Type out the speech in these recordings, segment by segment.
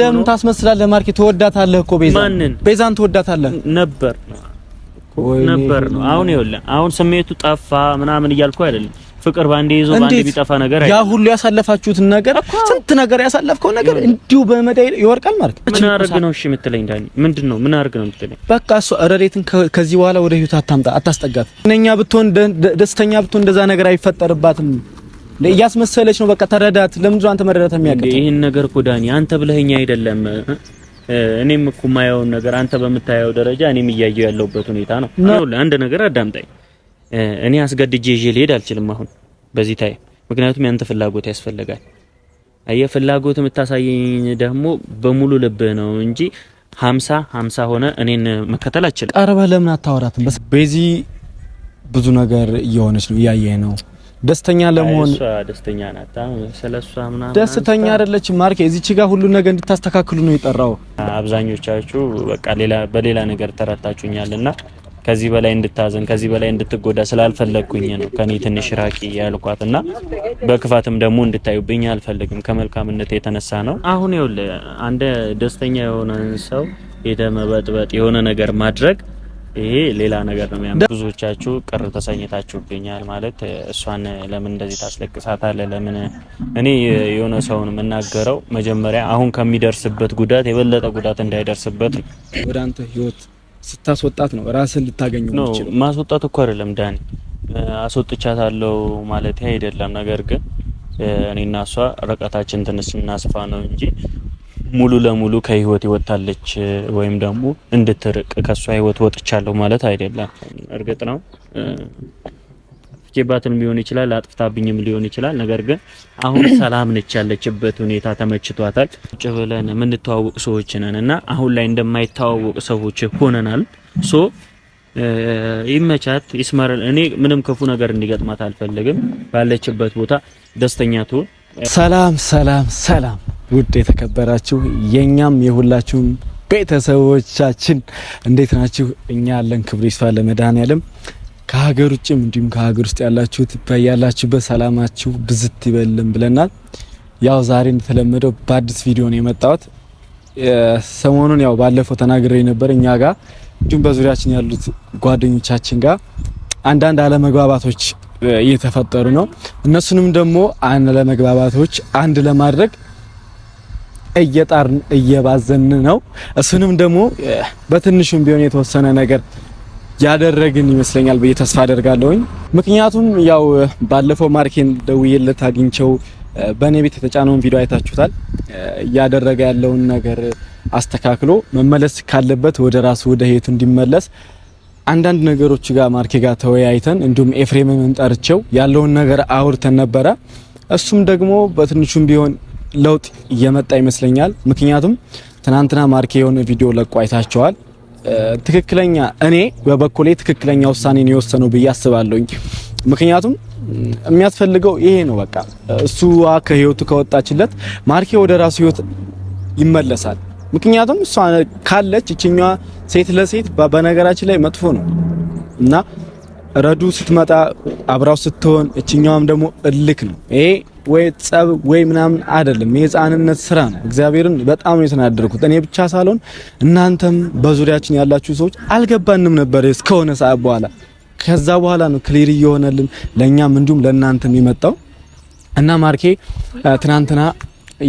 ለምን ታስመስላለህ? ማርኬ ትወዳታለህ እኮ ቤዛ፣ ማንን? ቤዛን ትወዳታለህ ነበር ነበር ነው። አሁን ይኸውልህ፣ አሁን ስሜቱ ጠፋ ምናምን እያልኩ አይደለም። ፍቅር ባንዴ ይዞ ባንዴ ቢጠፋ ነገር አይደለም። ያ ሁሉ ያሳለፋችሁት ነገር ስንት ነገር ያሳለፍከው ነገር እንዲሁ በመዳይ ይወርቃል ማለት ነው። ምን አርግ ነው እሺ የምትለኝ? ዳኒ ምንድን ነው ምን አርግ ነው የምትለኝ? በቃ እሱ ረዴትን ከዚህ በኋላ ወደ ህይወት አታምጣ፣ አታስጠጋት። እነኛ ብትሆን ደስተኛ ብትሆን እንደዛ ነገር አይፈጠርባትም። እያስመሰለች ነው። በቃ ተረዳት። ለምንድን አንተ መረዳት የሚያቀጥ ይሄን ነገር እኮ ዳኒ አንተ ብለኸኛ አይደለም እኔም እኮ የማየውን ነገር አንተ በምታየው ደረጃ እኔም እያየው ያለውበት ሁኔታ ነው። አሁን አንድ ነገር አዳምጣኝ። እኔ አስገድጄ ይዤ ልሄድ አልችልም አሁን በዚህ ታይም፣ ምክንያቱም ያንተ ፍላጎት ያስፈልጋል። አየህ ፍላጎት የምታሳየኝ ደግሞ በሙሉ ልብ ነው እንጂ ሀምሳ ሀምሳ ሆነ እኔን መከተል አልችልም። ቀርበህ ለምን አታወራትም? በዚህ ብዙ ነገር እየሆነች ነው እያየህ ነው ደስተኛ ለመሆን ደስተኛ ናት። ስለሷ ምናምን ደስተኛ አይደለች። ማርኬ እዚች ጋር ሁሉ ነገር እንድታስተካክሉ ነው የጠራው። አብዛኞቻችሁ በቃ ሌላ በሌላ ነገር ተረታችሁኛልና ከዚህ በላይ እንድታዘን ከዚህ በላይ እንድትጎዳ ስላልፈለግኩኝ ነው ከኔ ትንሽ ራቂ ያልኳት እና በክፋትም ደግሞ እንድታዩብኝ አልፈልግም። ከመልካምነት የተነሳ ነው። አሁን ይኸውልህ አንደ ደስተኛ የሆነን ሰው ሄደ መበጥበጥ የሆነ ነገር ማድረግ ይሄ ሌላ ነገር ነው የሚያምር። ብዙዎቻችሁ ቅር ተሰኝታችሁ ይገኛል ማለት እሷን ለምን እንደዚህ ታስለቅሳታለህ? ለምን እኔ የሆነ ሰውን የምናገረው መጀመሪያ አሁን ከሚደርስበት ጉዳት የበለጠ ጉዳት እንዳይደርስበት ወደ አንተ ህይወት ስታስወጣት ነው ራስን ልታገኙ ነው። ማስወጣት እኮ አይደለም ዳኒ፣ አስወጥቻታለሁ ማለት አይደለም። ነገር ግን እኔና እሷ ርቀታችን ትንሽ እናስፋ ነው እንጂ ሙሉ ለሙሉ ከህይወት ይወጣለች ወይም ደግሞ እንድትርቅ ከእሷ ህይወት ወጥቻለሁ ማለት አይደለም። እርግጥ ነው ፍቼባትም ሊሆን ይችላል፣ አጥፍታብኝም ሊሆን ይችላል። ነገር ግን አሁን ሰላም ነች፣ ያለችበት ሁኔታ ተመችቷታል። ቁጭ ብለን የምንተዋወቅ ሰዎች ነን እና አሁን ላይ እንደማይተዋወቅ ሰዎች ሆነናል። ሶ ይመቻት፣ ይስመረን። እኔ ምንም ክፉ ነገር እንዲገጥማት አልፈልግም። ባለችበት ቦታ ደስተኛ ትሆን ሰላም ሰላም ሰላም፣ ውድ የተከበራችሁ የኛም የሁላችሁም ቤተሰቦቻችን እንዴት ናችሁ? እኛ ያለን ክብር ይስፋ ለመድኃኔዓለም። ከሀገር ውጭም እንዲሁም ከሀገር ውስጥ ያላችሁት በያላችሁበት ሰላማችሁ ብዝት ይበልም ብለናል። ያው ዛሬ እንደተለመደው በአዲስ ቪዲዮ ነው የመጣሁት። ሰሞኑን ያው ባለፈው ተናግሬ ነበር እኛ ጋር እንዲሁም በዙሪያችን ያሉት ጓደኞቻችን ጋር አንዳንድ አለመግባባቶች እየተፈጠሩ ነው። እነሱንም ደግሞ አንድ ለመግባባቶች አንድ ለማድረግ እየጣርን እየባዘን ነው። እሱንም ደግሞ በትንሹም ቢሆን የተወሰነ ነገር ያደረግን ይመስለኛል ብዬ ተስፋ አደርጋለሁኝ። ምክንያቱም ያው ባለፈው ማርኬን ደውዬለት አግኝቸው በእኔ ቤት የተጫነውን ቪዲዮ አይታችሁታል። እያደረገ ያለውን ነገር አስተካክሎ መመለስ ካለበት ወደ ራሱ ወደ ህይወቱ እንዲመለስ አንዳንድ ነገሮች ጋር ማርኬ ጋር ተወያይተን እንዲሁም ኤፍሬምም ጠርቸው ያለውን ነገር አውርተን ነበረ። እሱም ደግሞ በትንሹም ቢሆን ለውጥ እየመጣ ይመስለኛል። ምክንያቱም ትናንትና ማርኬ የሆነ ቪዲዮ ለቆ አይታቸዋል። ትክክለኛ እኔ በበኩሌ ትክክለኛ ውሳኔ የወሰነው ብዬ አስባለሁኝ። ምክንያቱም የሚያስፈልገው ይሄ ነው። በቃ እሱዋ ከህይወቱ ከወጣችለት ማርኬ ወደ ራሱ ህይወት ይመለሳል። ምክንያቱም እሷ ካለች እችኛ ሴት ለሴት በነገራችን ላይ መጥፎ ነው እና ረዱ ስትመጣ አብራው ስትሆን እችኛዋም ደግሞ እልክ ነው። ይሄ ወይ ጸብ ወይ ምናምን አይደለም፣ የህፃንነት ስራ ነው። እግዚአብሔርን በጣም ነው የተናደርኩት እኔ ብቻ ሳልሆን እናንተም በዙሪያችን ያላችሁ ሰዎች አልገባንም ነበር እስከሆነ ሰዓት በኋላ። ከዛ በኋላ ነው ክሊር እየሆነልን ለእኛም እንዲሁም ለእናንተም የመጣው እና ማርኬ ትናንትና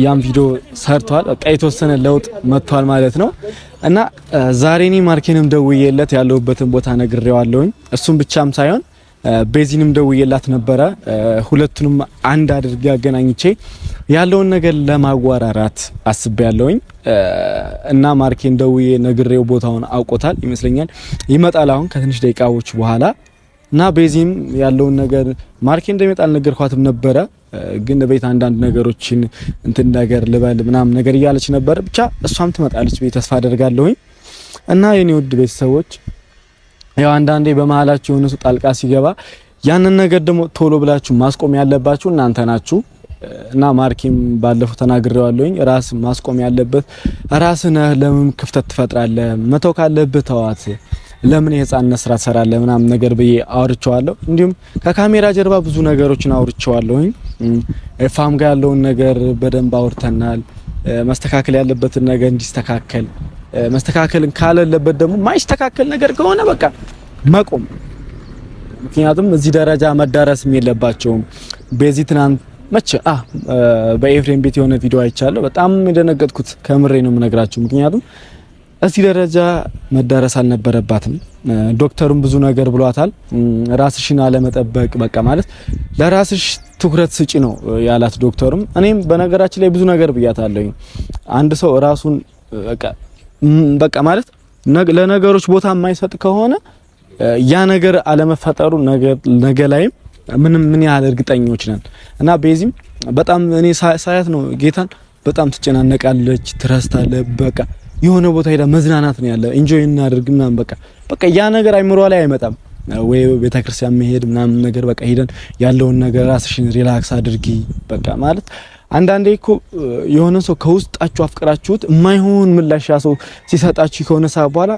ያም ቪዲዮ ሰርቷል። በቃ የተወሰነ ለውጥ መጥቷል ማለት ነው። እና ዛሬ እኔ ማርኬንም ደውዬለት ያለሁበትን ቦታ ነግሬዋለሁኝ። እሱም ብቻም ሳይሆን ቤዚንም ደውዬላት ነበረ። ሁለቱንም አንድ አድርጌ አገናኝቼ ያለውን ነገር ለማዋራራት አስቤያለሁኝ እና ማርኬን ደውዬ ነግሬው ቦታውን አውቆታል ይመስለኛል። ይመጣል አሁን ከትንሽ ደቂቃዎች በኋላ እና ቤዚም ያለውን ነገር ማርኬ እንደሚመጣ አልነገርኳትም ነበረ ግን ቤት አንዳንድ ነገሮችን እንትን ነገር ልበል ምናምን ነገር እያለች ነበር። ብቻ እሷም ትመጣለች ቤት ተስፋ አደርጋለሁኝ። እና የኔ ውድ ቤተሰቦች ያው አንዳንዴ በመሀላችሁ የሆነ ሰው ጣልቃ ሲገባ ያንን ነገር ደግሞ ቶሎ ብላችሁ ማስቆም ያለባችሁ እናንተ ናችሁ። እና ማርኬም ባለፈው ተናግሬዋለሁኝ። ራስ ማስቆም ያለበት ራስህ ነህ። ለምን ክፍተት ትፈጥራለህ? መተው ካለብህ ተዋት። ለምን የህፃንነት ስራ ሰራለ ምናምን ነገር ብዬ አውርቼዋለሁ። እንዲሁም ከካሜራ ጀርባ ብዙ ነገሮችን አውርቼዋለሁኝ። ፋም ጋር ያለውን ነገር በደንብ አውርተናል። መስተካከል ያለበትን ነገር እንዲስተካከል መስተካከልን ካለለበት ደግሞ ማይስተካከል ነገር ከሆነ በቃ መቆም። ምክንያቱም እዚህ ደረጃ መዳረስም የለባቸውም። በዚህ ትናንት መቼ አ በኤፍሬም ቤት የሆነ ቪዲዮ አይቻለሁ። በጣም የደነገጥኩት ከምሬ ነው የምነግራችሁ ምክንያቱም እዚህ ደረጃ መዳረስ አልነበረባትም። ዶክተሩም ብዙ ነገር ብሏታል። ራስሽን አለመጠበቅ በቃ ማለት ለራስሽ ትኩረት ስጪ ነው ያላት ዶክተሩም። እኔም በነገራችን ላይ ብዙ ነገር ብያታለኝ። አንድ ሰው ራሱን በቃ ማለት ለነገሮች ቦታ የማይሰጥ ከሆነ ያ ነገር አለመፈጠሩ ነገ ላይም ምንም ምን ያህል እርግጠኞች ነን እና በዚህም በጣም እኔ ሳያት ነው ጌታን በጣም ትጨናነቃለች፣ ትረስታለች በቃ የሆነ ቦታ ሄዳ መዝናናት ነው ያለ ኢንጆይ እናደርግ ምናምን በቃ በቃ ያ ነገር አይምሮ ላይ አይመጣም ወይ ቤተክርስቲያን መሄድ ምናምን ነገር በቃ ሄደን ያለውን ነገር ራስሽን ሪላክስ አድርጊ በቃ ማለት አንዳንዴ እኮ የሆነ ሰው ከውስጣችሁ አፍቅራችሁት የማይሆን ምላሽ ያ ሰው ሲሰጣችሁ ከሆነ ሰዓት በኋላ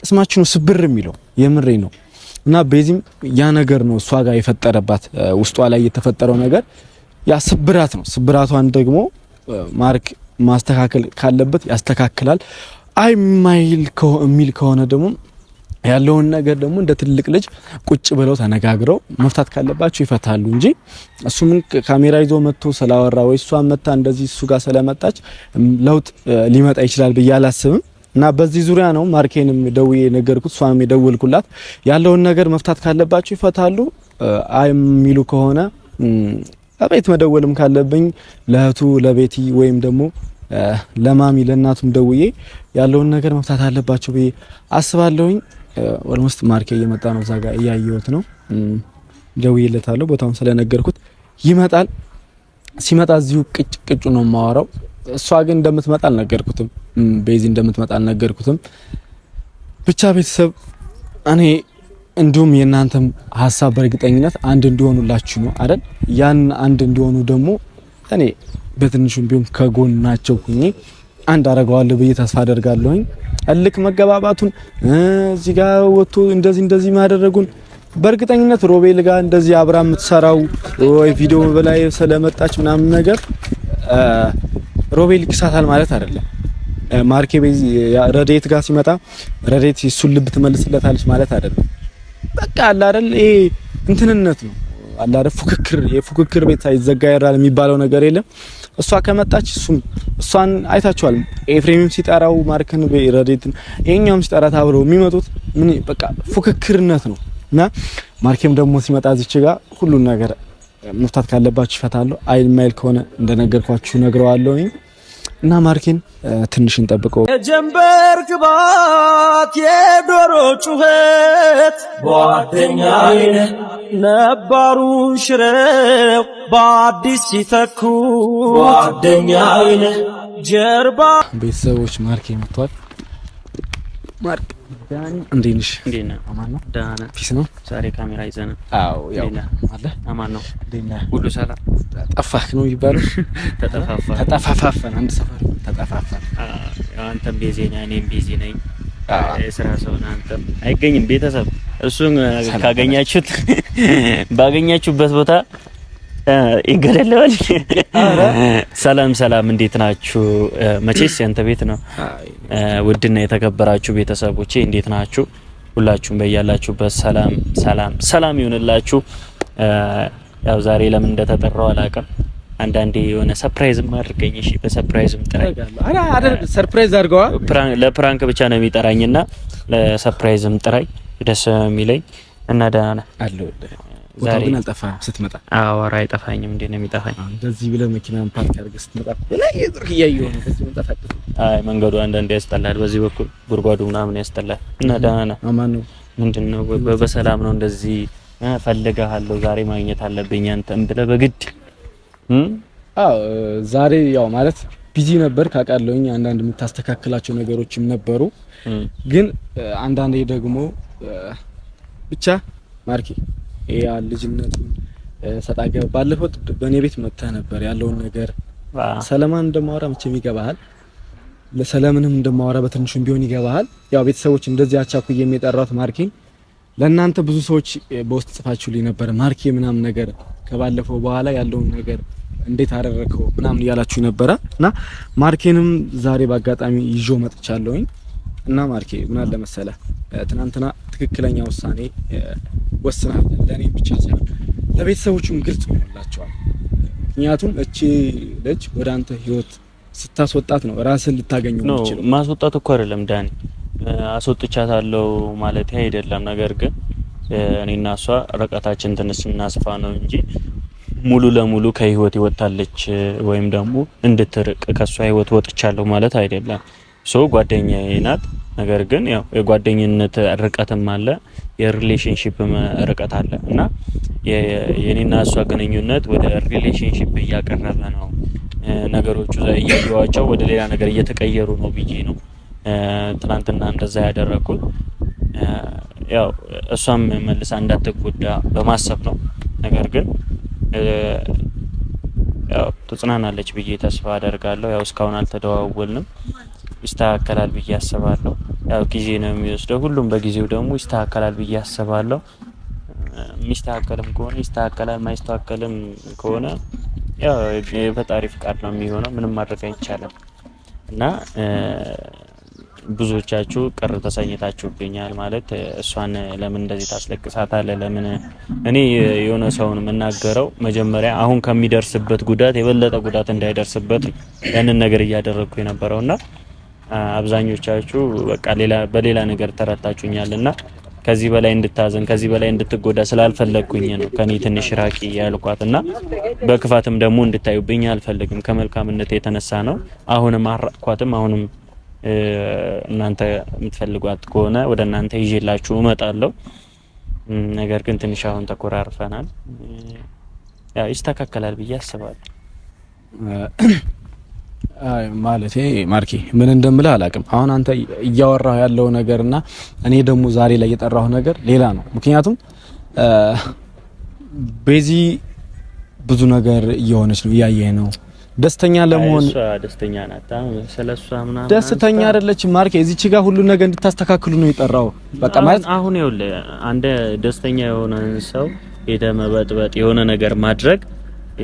ቅስማችሁ ነው ስብር የሚለው የምሬ ነው እና በዚህም ያ ነገር ነው እሷ ጋር የፈጠረባት ውስጧ ላይ የተፈጠረው ነገር ያ ስብራት ነው ስብራቷን ደግሞ ማርክ ማስተካከል ካለበት ያስተካክላል። አይ ማይል የሚል ከሆነ ደግሞ ያለውን ነገር ደግሞ እንደ ትልቅ ልጅ ቁጭ ብለው ተነጋግረው መፍታት ካለባቸው ይፈታሉ እንጂ እሱም ካሜራ ይዞ መጥቶ ስላወራ ወይ እሷ መታ እንደዚህ እሱ ጋር ስለመጣች ለውጥ ሊመጣ ይችላል ብዬ አላስብም። እና በዚህ ዙሪያ ነው ማርኬንም ደውዬ የነገርኩት፣ እሷም የደወልኩላት ያለውን ነገር መፍታት ካለባቸው ይፈታሉ። አይ የሚሉ ከሆነ ቤት መደወልም ካለብኝ ለእህቱ ለቤቲ ወይም ደግሞ ለማሚ ለእናቱም ደውዬ ያለውን ነገር መፍታት አለባቸው ብዬ አስባለሁኝ። ኦልሞስት ማርኬ እየመጣ ነው፣ እዛ ጋር እያየሁት ነው። ደውዬለታለሁ፣ ቦታውን ስለነገርኩት ይመጣል። ሲመጣ እዚሁ ቅጭ ቅጩ ነው የማወራው። እሷ ግን እንደምትመጣ አልነገርኩትም፣ ቤዚ እንደምትመጣ አልነገርኩትም። ብቻ ቤተሰብ እኔ እንዲሁም የእናንተም ሀሳብ በእርግጠኝነት አንድ እንዲሆኑላችሁ ነው አይደል? ያን አንድ እንዲሆኑ ደግሞ እኔ በትንሹም ቢሆን ከጎናቸው ሁኜ አንድ አረገዋለሁ ብዬ ተስፋ አደርጋለሁኝ። እልክ መገባባቱን እዚህ ጋር ወጥቶ እንደዚህ እንደዚህ ማደረጉን በእርግጠኝነት ሮቤል ጋር እንደዚህ አብራ የምትሰራው ወይ ቪዲዮ በላይ ስለመጣች ምናምን ነገር ሮቤል ይክሳታል ማለት አይደለም። ማርኬ ረዴት ጋር ሲመጣ ረዴት እሱን ልብ ትመልስለታለች ማለት አይደለም። በቃ አለ አይደል ይሄ እንትንነት ነው አላረ ፉክክር የፉክክር ቤት አይዘጋ ያራል የሚባለው ነገር የለም። እሷ ከመጣች እሱም እሷን አይታችኋል። ኤፍሬምም ሲጠራው ማርክን ረዴትን የኛውም ሲጠራት አብረው የሚመጡት ምን በቃ ፉክክርነት ነው እና ማርኬም ደግሞ ሲመጣ እዚች ጋር ሁሉን ነገር መፍታት ካለባችሁ ይፈታለሁ። አይል ማይል ከሆነ እንደነገርኳችሁ ነግረዋለሁ። እና ማርኬን ትንሽ እንጠብቀው። የጀንበር ግባት የዶሮ ጩኸት ጓደኛዬ ነባሩን ሽረው በአዲስ ሲተኩ ጓደኛዬ ጀርባ ቤተሰቦች ማርኬ መጥቷል። እንዴት ነሽ? እንዴት ነህ? አማን ነው። ደህና ነህ? ፒስ ነው። ዛሬ ካሜራ ይዘህ ነው? አዎ፣ ያው አለ። አማን ነው። እንዴት ነህ? ሁሉ ሰላም። ጠፋህ ነው የሚባለው? ተጠፋፋን፣ ተጠፋፋን፣ አንድ ሰፈር ተጠፋፋን። አዎ፣ አንተም ቢዚ ነህ፣ እኔም ቢዚ ነኝ። የስራ ሰው ነህ አንተም። አይገኝም ቤተሰብ። እሱን ካገኛችሁት ባገኛችሁበት ቦታ ይገደለዋል። ሰላም ሰላም፣ እንዴት ናችሁ? መቼስ ያንተ ቤት ነው። ውድና የተከበራችሁ ቤተሰቦቼ እንዴት ናችሁ? ሁላችሁም በያላችሁበት ሰላም ሰላም ሰላም ይሁንላችሁ። ያው ዛሬ ለምን እንደተጠራው አላውቅም። አንዳንዴ የሆነ ሰርፕራይዝም አድርገኝ። እሺ፣ በሰርፕራይዝም ጥራኝ። ሰርፕራይዝ አድርገዋ። ለፕራንክ ብቻ ነው የሚጠራኝና ለሰርፕራይዝም ጥራኝ። ደስ የሚለኝ እና ደህና ነህ ዛሬ ግን አልጠፋህም ስትመጣ? አዎ ኧረ አይጠፋኝም። እንዴት ነው የሚጠፋኝ? እንደዚህ ብለህ መኪናን ፓርክ አድርገህ ስትመጣ አይ መንገዱ አንዳንዴ ያስጠላል። በዚህ በኩል ጉድጓዱ ምናምን ያስጠላል። እና ደህና ነህ? አማን ነው። ምንድን ነው በሰላም ነው? እንደዚህ ፈልግሃለሁ ዛሬ ማግኘት አለብኝ አንተም ብለህ በግድ አዎ። ዛሬ ያው ማለት ቢዚ ነበር ካውቃለሁኝ። አንዳንድ የምታስተካክላቸው ነገሮችም ነበሩ፣ ግን አንዳንዴ ደግሞ ብቻ ማርኬ ያ ልጅነቱን ሰጣገ ባለፈው በእኔ ቤት መጥተህ ነበር ያለውን ነገር ሰለማን እንደማወራ መቼም ይገባሃል። ለሰለምንም እንደማወራ በትንሹም ቢሆን ይገባሃል። ያው ቤተሰቦች እንደዚህ አቻኩ የሚጠራት ማርኬን ለእናንተ ብዙ ሰዎች በውስጥ ጽፋችሁልኝ ነበር። ማርኬ ምናምን ነገር ከባለፈው በኋላ ያለውን ነገር እንዴት አደረከው ምናምን እያላችሁ ነበረ እና ማርኬንም ዛሬ በአጋጣሚ ይዤው መጥቻለሁኝ እና ማርኬ ምን አለ መሰለህ ትናንትና ትክክለኛ ውሳኔ ወስናለን። ለእኔ ብቻ ሳይሆን ለቤተሰቦቹም ግልጽ ሆኖላቸዋል። ምክንያቱም እቺ ልጅ ወደ አንተ ህይወት ስታስወጣት ነው ራስን ልታገኙ ነው። ማስወጣት እኮ አይደለም ዳኒ፣ አስወጥቻታለሁ ማለት አይደለም። ነገር ግን እኔና እሷ ርቀታችን ትንሽ እናስፋ ነው እንጂ ሙሉ ለሙሉ ከህይወት ይወጣለች ወይም ደግሞ እንድትርቅ ከእሷ ህይወት ወጥቻለሁ ማለት አይደለም። ሶ ጓደኛዬ ናት። ነገር ግን ያው የጓደኝነት ርቀትም አለ፣ የሪሌሽንሽፕ ርቀት አለ እና የኔና እሷ ግንኙነት ወደ ሪሌሽንሽፕ እያቀረበ ነው። ነገሮቹ እያየዋቸው ወደ ሌላ ነገር እየተቀየሩ ነው ብዬ ነው ትናንትና እንደዛ ያደረኩት። ያው እሷም መልሳ እንዳትጎዳ በማሰብ ነው። ነገር ግን ያው ትጽናናለች ብዬ ተስፋ አደርጋለሁ። ያው እስካሁን አልተደዋወልንም። ይስተካከላል ብዬ አስባለሁ። ያው ጊዜ ነው የሚወስደው። ሁሉም በጊዜው ደግሞ ይስተካከላል ብዬ አስባለሁ። የሚስተካከልም ከሆነ ይስተካከላል፣ ማይስተካከልም ከሆነ ያው የፈጣሪ ፍቃድ ነው የሚሆነው። ምንም ማድረግ አይቻልም እና ብዙዎቻችሁ ቅር ተሰኝታችሁ ይገኛል። ማለት እሷን ለምን እንደዚህ ታስለቅሳታለህ? ለምን እኔ የሆነ ሰውን የምናገረው መጀመሪያ አሁን ከሚደርስበት ጉዳት የበለጠ ጉዳት እንዳይደርስበት ያንን ነገር እያደረግኩ የነበረውና አብዛኞቻችሁ በቃ ሌላ በሌላ ነገር ተረታችሁኛልና ከዚህ በላይ እንድታዘን ከዚህ በላይ እንድትጎዳ ስላልፈለግኩኝ ነው ከኔ ትንሽ ራቂ ያልኳትና በክፋትም ደግሞ እንድታዩብኝ አልፈልግም። ከመልካምነት የተነሳ ነው። አሁንም አራቅኳትም። አሁንም እናንተ የምትፈልጓት ከሆነ ወደ እናንተ ይዤላችሁ እመጣለሁ። ነገር ግን ትንሽ አሁን ተኮራርፈናል። ያው ይስተካከላል ብዬ አስባለሁ። ማለቴ ማርኬ ምን እንደምልህ አላውቅም። አሁን አንተ እያወራህ ያለው ነገርና እኔ ደግሞ ዛሬ ላይ የጠራሁ ነገር ሌላ ነው። ምክንያቱም በዚህ ብዙ ነገር እየሆነች ነው፣ እያየህ ነው። ደስተኛ ለመሆን ደስተኛ ናት። ስለሷ ምናምን ደስተኛ አይደለች ማርኪ እዚች ጋር ሁሉ ነገር እንድታስተካክሉ ነው የጠራው። በቃ ማለት አሁን ይኸውልህ አንድ ደስተኛ የሆነ ሰው ሄደ መበጥበጥ የሆነ ነገር ማድረግ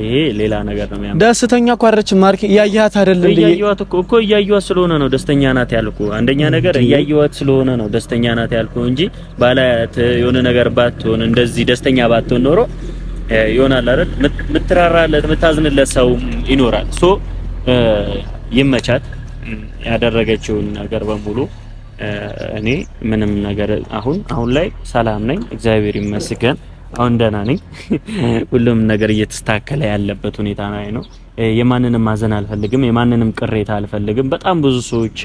ይሄ ሌላ ነገር ነው የሚያምር ደስተኛ እኮ አይደለችም። ማርኬ እያየኋት አይደለም ብዬ እያየኋት እኮ እኮ እያየኋት ስለሆነ ነው ደስተኛ ናት ያልኩ። አንደኛ ነገር እያየኋት ስለሆነ ነው ደስተኛ ናት ያልኩ እንጂ ባላት የሆነ ነገር ባትሆን እንደዚህ ደስተኛ ባትሆን ኖሮ ይሆናል አይደል? ምትራራለት ምታዝንለት ሰው ይኖራል። ሶ ይመቻት። ያደረገችውን ነገር በሙሉ እኔ ምንም ነገር አሁን አሁን ላይ ሰላም ነኝ፣ እግዚአብሔር ይመስገን። አሁን ደህና ነኝ። ሁሉም ነገር እየተስተካከለ ያለበት ሁኔታ ላይ ነው። የማንንም ማዘን አልፈልግም። የማንንም ቅሬታ አልፈልግም። በጣም ብዙ ሰዎች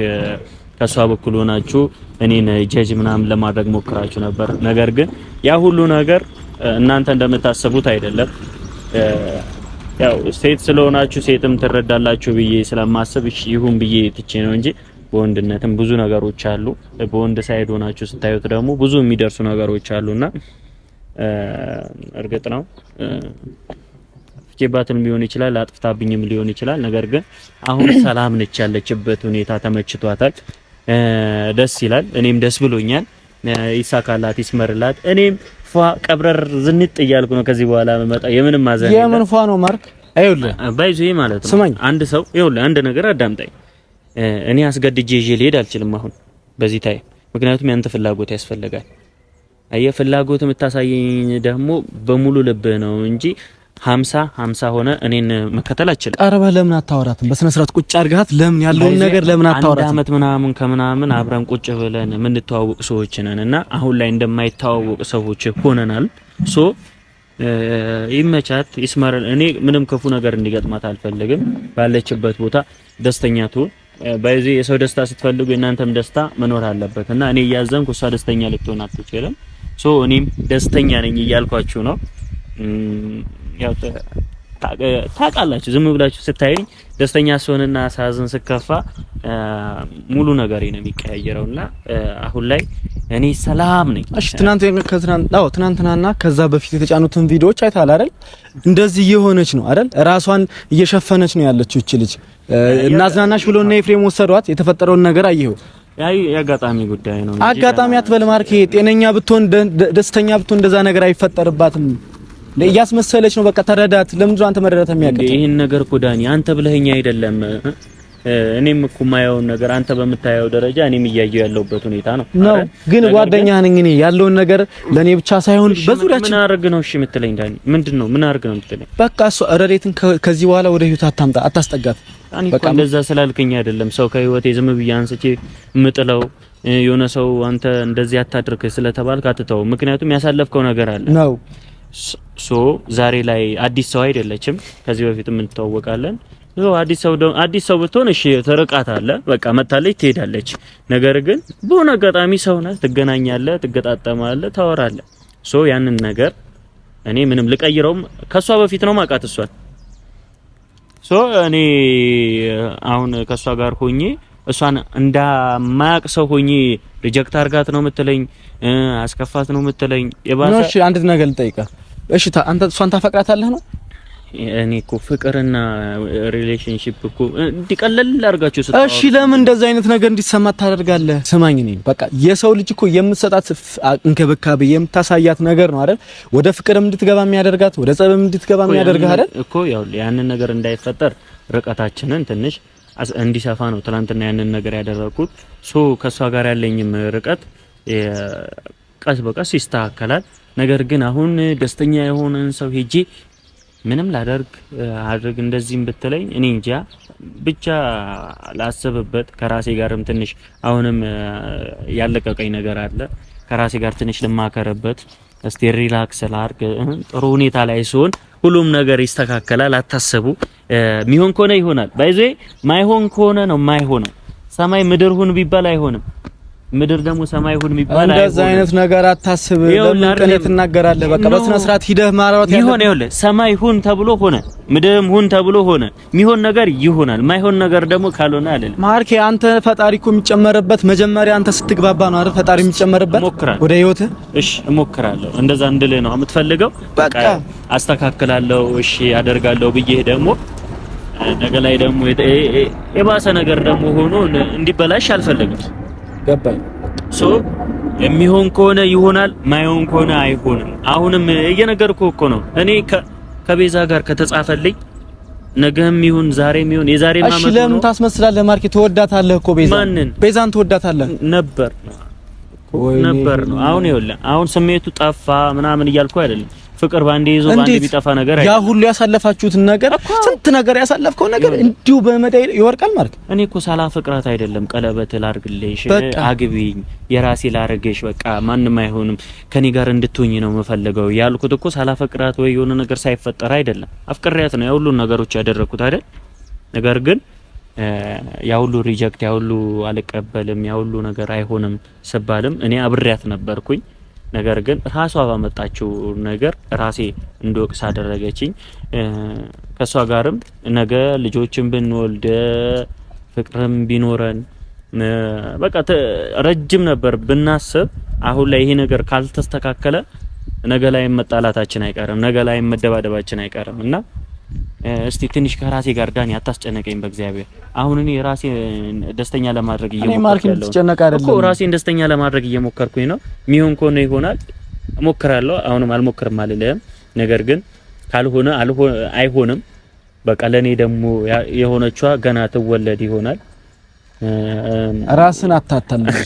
ከሷ በኩል ሆናችሁ እኔን ጀጅ ምናምን ለማድረግ ሞክራችሁ ነበር። ነገር ግን ያ ሁሉ ነገር እናንተ እንደምታስቡት አይደለም። ያው ሴት ስለሆናችሁ ሴትም ትረዳላችሁ ብዬ ስለማስብ እሺ ይሁን ብዬ ትቼ ነው እንጂ በወንድነትም ብዙ ነገሮች አሉ። በወንድ ሳይድ ሆናችሁ ስታዩት ደግሞ ብዙ የሚደርሱ ነገሮች አሉና እርግጥ ነው ፍቼባትም ሊሆን ይችላል፣ አጥፍታብኝም ሊሆን ይችላል። ነገር ግን አሁን ሰላም ነች፣ ያለችበት ሁኔታ ተመችቷታል፣ ደስ ይላል። እኔም ደስ ብሎኛል። ይሳካላት፣ ይስመርላት። እኔም ፏ ቀብረር ዝንጥ እያልኩ ነው ከዚህ በኋላ መጣ። የምንም ማዘን የምን ፏ ነው ማርክ አይውልህ ማለት ነው። አንድ ሰው ይውልህ፣ አንድ ነገር አዳምጣኝ። እኔ አስገድጄ ይዤ ልሄድ አልችልም አሁን በዚህ ታይም፣ ምክንያቱም ያንተ ፍላጎት ያስፈልጋል። የፍላጎት የምታሳየኝ ደግሞ በሙሉ ልብ ነው እንጂ ሀምሳ ሀምሳ ሆነ እኔን መከተል አችልም። ቀርበ ለምን አታወራትም? በስነ ስርዓት ቁጭ አርጋት ለምን ያለውን ነገር ለምን አታወራትም? አንድ አመት ምናምን ከምናምን አብረን ቁጭ ብለን የምንተዋወቅ ሰዎች ነን እና አሁን ላይ እንደማይተዋወቅ ሰዎች ሆነናል። ሶ ይመቻት፣ ይስመረን። እኔ ምንም ክፉ ነገር እንዲገጥማት አልፈልግም። ባለችበት ቦታ ደስተኛ ትሁን። በዚህ የሰው ደስታ ስትፈልጉ የእናንተም ደስታ መኖር አለበት እና እኔ እያዘንኩ እሷ ደስተኛ ልትሆን አትችልም። ሶ እኔም ደስተኛ ነኝ እያልኳችሁ ነው። ያው ታውቃላችሁ፣ ዝም ብላችሁ ስታዩኝ ደስተኛ ስሆንና ሳዝን ስከፋ ሙሉ ነገሬ ነው የሚቀያየረውና አሁን ላይ እኔ ሰላም ነኝ። እሺ ትናንት ከትናንት አዎ ትናንትናና ከዛ በፊት የተጫኑትን ቪዲዮዎች አይታል አይደል? እንደዚህ የሆነች ነው አይደል? ራሷን እየሸፈነች ነው ያለችው እቺ ልጅ። እናዝናናሽ ብሎ እና ኤፍሬም ወሰዷት። የተፈጠረውን ነገር አየኸው። ያይ የአጋጣሚ ጉዳይ ነው። አጋጣሚ አትበል ማርኬ። ጤነኛ ብትሆን ደስተኛ ብትሆን እንደዛ ነገር አይፈጠርባትም። እያስመሰለች ነው። በቃ ተረዳት። ለምንድን ነው አንተ መረዳት የሚያቀጥ? ይሄን ነገር እኮ ዳኒ አንተ ብለኸኝ አይደለም እኔም እኮ የማየውን ነገር አንተ በምታየው ደረጃ እኔም እያየው ያለውበት ሁኔታ ነው ነው። ግን ጓደኛህ ነኝ እኔ ያለውን ነገር ለኔ ብቻ ሳይሆን በዙሪያችን ምን አርግ ነው እሺ የምትለኝ? ዳኒ ምንድን ነው ምን አርግ ነው የምትለኝ? በቃ እሱ ረዴትን ከዚህ በኋላ ወደ ህይወት አታምጣ፣ አታስጠጋት። በቃ እንደዛ ስላልከኝ አይደለም ሰው ከህይወቴ ዝም ብዬ አንስቼ ምጥለው የሆነ ሰው አንተ እንደዚህ አታድርግ ስለተባልክ አትተው። ምክንያቱም ያሳለፍከው ነገር አለ ነው ሶ ዛሬ ላይ አዲስ ሰው አይደለችም። ከዚህ በፊት እንተዋወቃለን አዲስ ሰው አዲስ ሰው ብትሆን እሺ ትርቃት አለ በቃ መታለች ትሄዳለች። ነገር ግን በሆነ አጋጣሚ ሰው ናት፣ ትገናኛለህ፣ ትገጣጠማለህ፣ ታወራለህ። ሶ ያንን ነገር እኔ ምንም ልቀይረውም ከሷ በፊት ነው ማውቃት እሷን። ሶ እኔ አሁን ከሷ ጋር ሆኜ እሷን እንደማያውቅ ሰው ሆኜ ሪጀክት አርጋት ነው የምትለኝ? አስከፋት ነው የምትለኝ? የባሰ እሺ፣ አንድ ነገር ልጠይቅህ። እሺ፣ አንተ እሷን ታፈቅራታለህ ነው እኔ እኮ ፍቅርና ሪሌሽንሺፕ እኮ እንዲቀለል አድርጋችሁ ስታወራ፣ እሺ ለምን እንደዛ አይነት ነገር እንዲሰማት ታደርጋለህ? ስማኝ፣ እኔ በቃ የሰው ልጅ እኮ የምትሰጣት እንክብካቤ የምታሳያት ነገር ነው አይደል? ወደ ፍቅርም እንድትገባ የሚያደርጋት ወደ ጸብም እንድትገባ የሚያደርጋት አይደል? እኮ ያው ያንን ነገር እንዳይፈጠር ርቀታችንን ትንሽ እንዲሰፋ ነው ትናንትና ያንን ነገር ያደረኩት። ሶ ከሷ ጋር ያለኝም ርቀት ቀስ በቀስ ይስተካከላል። ነገር ግን አሁን ደስተኛ የሆነን ሰው ሄጄ ምንም ላደርግ አድርግ እንደዚህም ብትለኝ እኔ እንጃ ብቻ ላስብበት። ከራሴ ጋርም ትንሽ አሁንም ያለቀቀኝ ነገር አለ። ከራሴ ጋር ትንሽ ልማከርበት። እስቲ ሪላክስ ላርግ። ጥሩ ሁኔታ ላይ ሲሆን ሁሉም ነገር ይስተካከላል። አታስቡ። የሚሆን ከሆነ ይሆናል። ባይዘይ ማይሆን ከሆነ ነው ማይሆነው። ሰማይ ምድር ሁን ቢባል አይሆንም። ምድር ደግሞ ሰማይ ሁን የሚባል እንደዛ አይነት ነገር አታስብ። ለምን ትናገራለህ? በቃ በስነ ስርዓት ሂደህ ማራራት ይሆን ይሁን። ሰማይ ሁን ተብሎ ሆነ፣ ምድርም ሁን ተብሎ ሆነ። የሚሆን ነገር ይሆናል፣ ማይሆን ነገር ደግሞ ካልሆነ አይደለም። ማርኬ አንተ ፈጣሪ እኮ የሚጨመርበት መጀመሪያ አንተ ስትግባባ ነው አይደል? ፈጣሪ የሚጨመርበት ወደ ህይወት እሺ እሞክራለሁ፣ እንደዛ እንድልህ ነው የምትፈልገው። በቃ አስተካክላለሁ፣ እሺ አደርጋለሁ ብዬህ ደግሞ ነገ ላይ ደግሞ የባሰ ነገር ደግሞ ሆኖ እንዲበላሽ አልፈልግም። ገባኝ። ሶ የሚሆን ከሆነ ይሆናል፣ ማይሆን ከሆነ አይሆንም። አሁንም እየነገርኩህ እኮ ነው። እኔ ከቤዛ ጋር ከተጻፈልኝ ነገም ይሁን ዛሬም ይሁን የዛሬ ማመት ነው። እሺ ለምን ታስመስላለህ? ማርኬ ትወዳታለህ እኮ ቤዛ ማንን? ቤዛን ትወዳታለህ ነበር ነበር ነው። አሁን ይኸውልህ፣ አሁን ስሜቱ ጠፋ ምናምን እያልኩ አይደለም ፍቅር ባንዴ ይዞ ባንዴ ቢጠፋ ነገር ያ ሁሉ ያሳለፋችሁት ነገር ስንት ነገር ያሳለፍከው ነገር እንዲሁ በመዳይ ይወርቃል ማለት እኔ እኮ ሳላ ፍቅራት አይደለም ቀለበት ላርግልሽ አግቢኝ የራሴ ላርግሽ በቃ ማንም አይሆንም ከኔ ጋር እንድትሆኝ ነው የምፈልገው ያልኩት እኮ ሳላ ፍቅራት ወይ የሆነ ነገር ሳይፈጠር አይደለም አፍቅሪያት ነው የሁሉን ነገሮች ያደረኩት አይደል ነገር ግን ያ ሁሉ ሪጀክት ያ ሁሉ አልቀበልም ያ ሁሉ ነገር አይሆንም ስባልም እኔ አብሬያት ነበርኩኝ ነገር ግን ራሷ ባመጣችው ነገር ራሴ እንድወቅስ አደረገችኝ። ከእሷ ጋርም ነገ ልጆችን ብንወልድ ፍቅርም ቢኖረን በቃ ረጅም ነበር ብናስብ፣ አሁን ላይ ይሄ ነገር ካልተስተካከለ ነገ ላይ መጣላታችን አይቀርም፣ ነገ ላይ መደባደባችን አይቀርም እና እስቲ ትንሽ ከራሴ ጋር ዳኒ አታስጨነቀኝ፣ በእግዚአብሔር አሁን እኔ ራሴ ደስተኛ ለማድረግ እየሞከርኩ ነው። ራሴን ደስተኛ ለማድረግ እየሞከርኩኝ ነው። የሚሆን ከሆነ ይሆናል፣ እሞክራለሁ። አሁንም አልሞክርም አልልህም፣ ነገር ግን ካልሆነ አይሆንም። በቃ ለኔ ደግሞ የሆነችዋ ገና ትወለድ ይሆናል። ራስን አታታለለ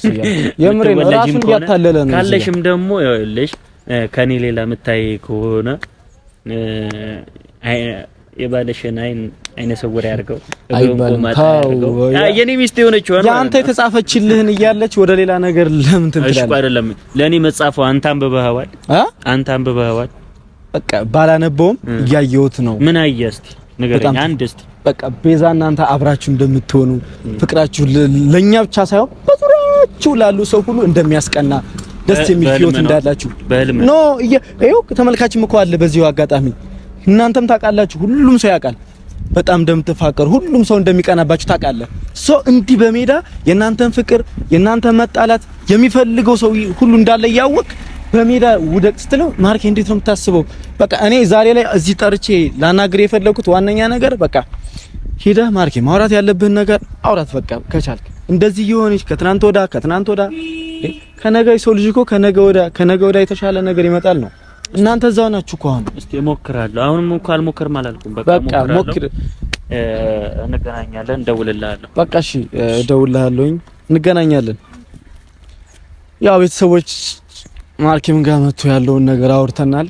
የምሬ ነው። ራስን ያታለለ ነው። ካለሽም ደግሞ ይኸውልሽ ከኔ ሌላ የምታይ ከሆነ የባለሽን አይን አይነ ስውር ያድርገው። የኔ ሚስት የሆነችው ያንተ የተጻፈችልህን እያለች ወደ ሌላ ነገር ለምን ትላለህ? እሺ አይደለም ለኔ መጻፈው አንተ አንብበኸዋል እ አንተ አንብበኸዋል። በቃ ባላነበውም እያየሁት ነው። ምን አየህ እስቲ ንገረኝ። አንድ እስቲ በቃ ቤዛ እናንተ አብራችሁ እንደምትሆኑ ፍቅራችሁ ለኛ ብቻ ሳይሆን በዙሪያችሁ ላሉ ሰው ሁሉ እንደሚያስቀና ደስ የሚል ህይወት እንዳላችሁ ኖ ይሄው ተመልካችም እኮ አለ በዚሁ አጋጣሚ እናንተም ታውቃላችሁ፣ ሁሉም ሰው ያውቃል በጣም እንደምትፋቀሩ ሁሉም ሰው እንደሚቀናባችሁ ታውቃለህ። ሶ እንዲህ በሜዳ የእናንተን ፍቅር የእናንተን መጣላት የሚፈልገው ሰው ሁሉ እንዳለ እያወቅ በሜዳ ውደቅ ስትለው ማርኬ እንዴት ነው የምታስበው? በቃ እኔ ዛሬ ላይ እዚህ ጠርቼ ላናግር የፈለኩት ዋነኛ ነገር በቃ ሄደህ ማርኬ ማውራት ያለብህን ነገር አውራት በቃ ከቻልክ እንደዚህ የሆነች ከትናንት ወዳ ከትናንት ወዳ ከነገ ሰው ልጅ እኮ ከነገ ወዳ ከነገ ወዳ የተሻለ ነገር ይመጣል ነው እናንተ እዛው ናችሁ እኮ አሁን። እስቲ እሞክራለሁ። አሁንም እንኳን አልሞክርም አላልኩም። በቃ ሞክር። እንገናኛለን፣ እደውልልሃለሁ። በቃ እሺ፣ እደውልልሃለሁኝ፣ እንገናኛለን። ያው ቤተሰቦች ማርኬም ጋር መጥቶ ያለውን ነገር አውርተናል።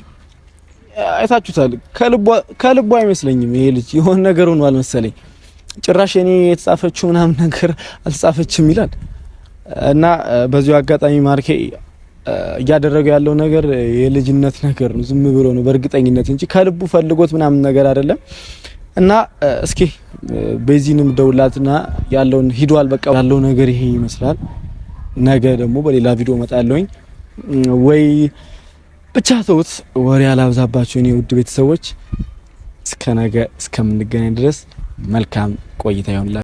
አይታችሁታል። ከልቧ ከልቧ አይመስለኝም ይሄ ልጅ የሆነ ነገር ሆኗል መሰለኝ። ጭራሽ እኔ የተጻፈችው ምናምን ነገር አልተጻፈችም ይላል እና በዚሁ አጋጣሚ ማርኬ እያደረገ ያለው ነገር የልጅነት ነገር ነው። ዝም ብሎ ነው በእርግጠኝነት እንጂ ከልቡ ፈልጎት ምናምን ነገር አይደለም። እና እስኪ በዚህንም ደውላትና ያለውን ሂዷል። በቃ ያለው ነገር ይሄ ይመስላል። ነገ ደግሞ በሌላ ቪዲዮ እመጣለሁኝ ወይ ብቻ ተውት፣ ወሬ አላብዛባችሁ እኔ ውድ ቤተሰቦች። እስከ ነገ እስከምንገናኝ ድረስ መልካም ቆይታ ይሆንላችሁ።